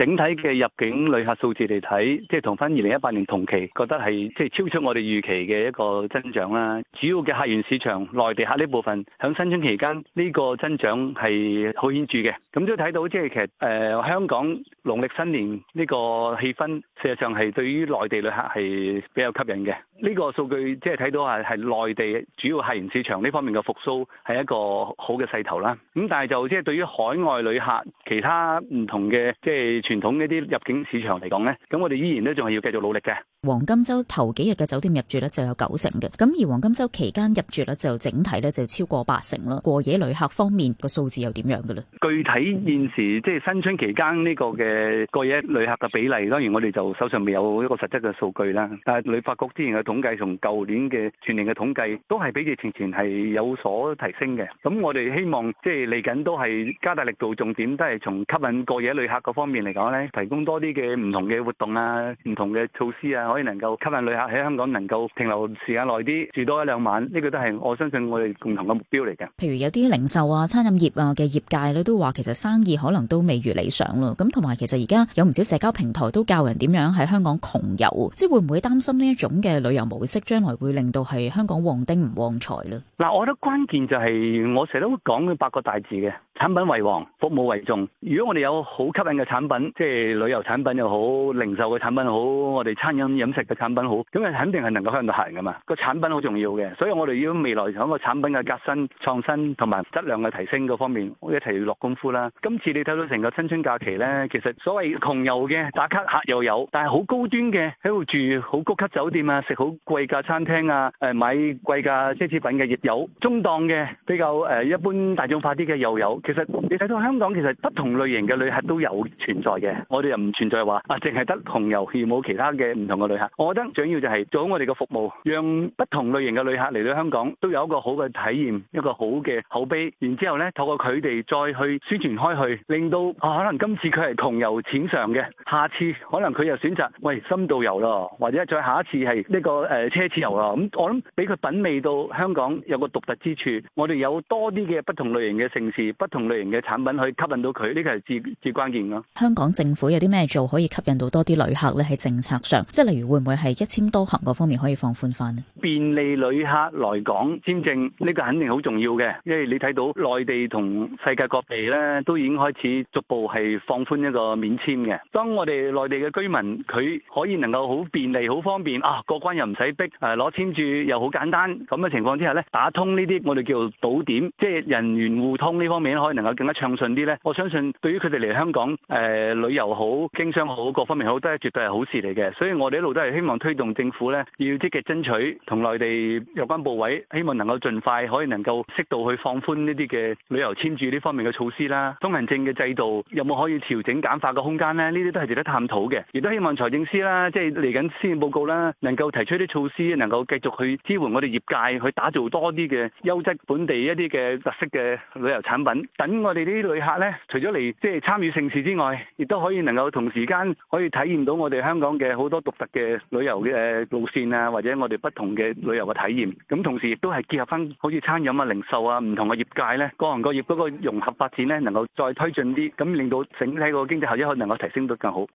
整體嘅入境旅客數字嚟睇，即係同翻二零一八年同期，覺得係即係超出我哋預期嘅一個增長啦。主要嘅客源市場，內地客呢部分，響新春期間呢、這個增長係好顯著嘅。咁都睇到，即係其實誒、呃、香港農曆新年呢個氣氛，事實上係對於內地旅客係比較吸引嘅。呢個數據即係睇到係係內地主要客源市場呢方面嘅復甦係一個好嘅勢頭啦。咁但係就即係對於海外旅客、其他唔同嘅即係傳統的一啲入境市場嚟講咧，咁我哋依然咧仲係要繼續努力嘅。黃金周頭幾日嘅酒店入住咧就有九成嘅，咁而黃金周期間入住咧就整體咧就超過八成啦。過夜旅客方面個數字又點樣嘅咧？具體現時即係、就是、新春期間呢個嘅過夜旅客嘅比例，當然我哋就手上未有一個實質嘅數據啦。但係旅發局之前統計從舊年嘅全年嘅統計，都係比疫情前係有所提升嘅。咁我哋希望即係嚟緊都係加大力度，重點都係從吸引過夜旅客嗰方面嚟講咧，提供多啲嘅唔同嘅活動啊、唔同嘅措施啊，可以能夠吸引旅客喺香港能夠停留時間耐啲，住多一兩晚。呢個都係我相信我哋共同嘅目標嚟嘅。譬如有啲零售啊、餐飲業啊嘅業界咧，都話其實生意可能都未如理想咯。咁同埋其實而家有唔少社交平台都教人點樣喺香港窮遊，即係會唔會擔心呢一種嘅旅遊？模式將來會令到係香港旺丁唔旺財啦。嗱，我覺得關鍵就係我成日都講八個大字嘅，產品為王，服務為重。如果我哋有好吸引嘅產品，即係旅遊產品又好，零售嘅產品好，我哋餐飲飲食嘅產品好，咁係肯定係能夠喺度行噶嘛。個產品好重要嘅，所以我哋要未來喺個產品嘅革新、創新同埋質量嘅提升嗰方面我一齊落功夫啦。今次你睇到成個新春假期咧，其實所謂窮遊嘅打卡客又有，但係好高端嘅喺度住好高級酒店啊，食好。貴價餐廳啊，誒買貴價奢侈品嘅亦有中檔，中檔嘅比較誒一般大眾化啲嘅又有。其實你睇到香港其實不同類型嘅旅客都有存在嘅，我哋又唔存在話啊，淨係得窮遊，而冇其他嘅唔同嘅旅客。我覺得主要就係做好我哋嘅服務，讓不同類型嘅旅客嚟到香港都有一個好嘅體驗，一個好嘅口碑。然之後呢，透過佢哋再去宣傳開去，令到、哦、可能今次佢係窮遊淺嘗嘅，下次可能佢又選擇喂深度遊咯，或者再下一次係呢、這個誒奢侈遊啊！咁我諗俾佢品味到香港有個獨特之處，我哋有多啲嘅不同類型嘅城市、不同類型嘅產品去吸引到佢，呢個係至至關鍵咯。香港政府有啲咩做可以吸引到多啲旅客咧？喺政策上，即係例如會唔會係一簽多行嗰方面可以放寬翻咧？便利旅客來港簽證呢、呢個肯定好重要嘅，因為你睇到內地同世界各地咧都已經開始逐步係放寬一個免簽嘅。當我哋內地嘅居民佢可以能夠好便利、好方便啊過關人。唔使逼誒攞簽注又好簡單咁嘅情況之下咧，打通呢啲我哋叫做堵點，即係人員互通呢方面可以能夠更加暢順啲咧。我相信對於佢哋嚟香港誒、呃、旅遊好、經商好各方面好都係絕對係好事嚟嘅。所以我哋一路都係希望推動政府咧，要積極爭取同內地有關部委，希望能夠盡快可以能夠適度去放寬呢啲嘅旅遊簽注呢方面嘅措施啦，通行證嘅制度有冇可以調整簡化嘅空間咧？呢啲都係值得探討嘅，亦都希望財政司啦，即係嚟緊施政報告啦，能夠提出，出啲措施，能夠繼續去支援我哋業界，去打造多啲嘅優質本地一啲嘅特色嘅旅遊產品，等我哋啲旅客咧，除咗嚟即係參與盛事之外，亦都可以能夠同時間可以體驗到我哋香港嘅好多獨特嘅旅遊嘅路線啊，或者我哋不同嘅旅遊嘅體驗。咁同時亦都係結合翻好似餐飲啊、零售啊唔同嘅業界咧，各行各業嗰個融合發展咧，能夠再推進啲，咁令到整體個經濟效益可能能夠提升到更好。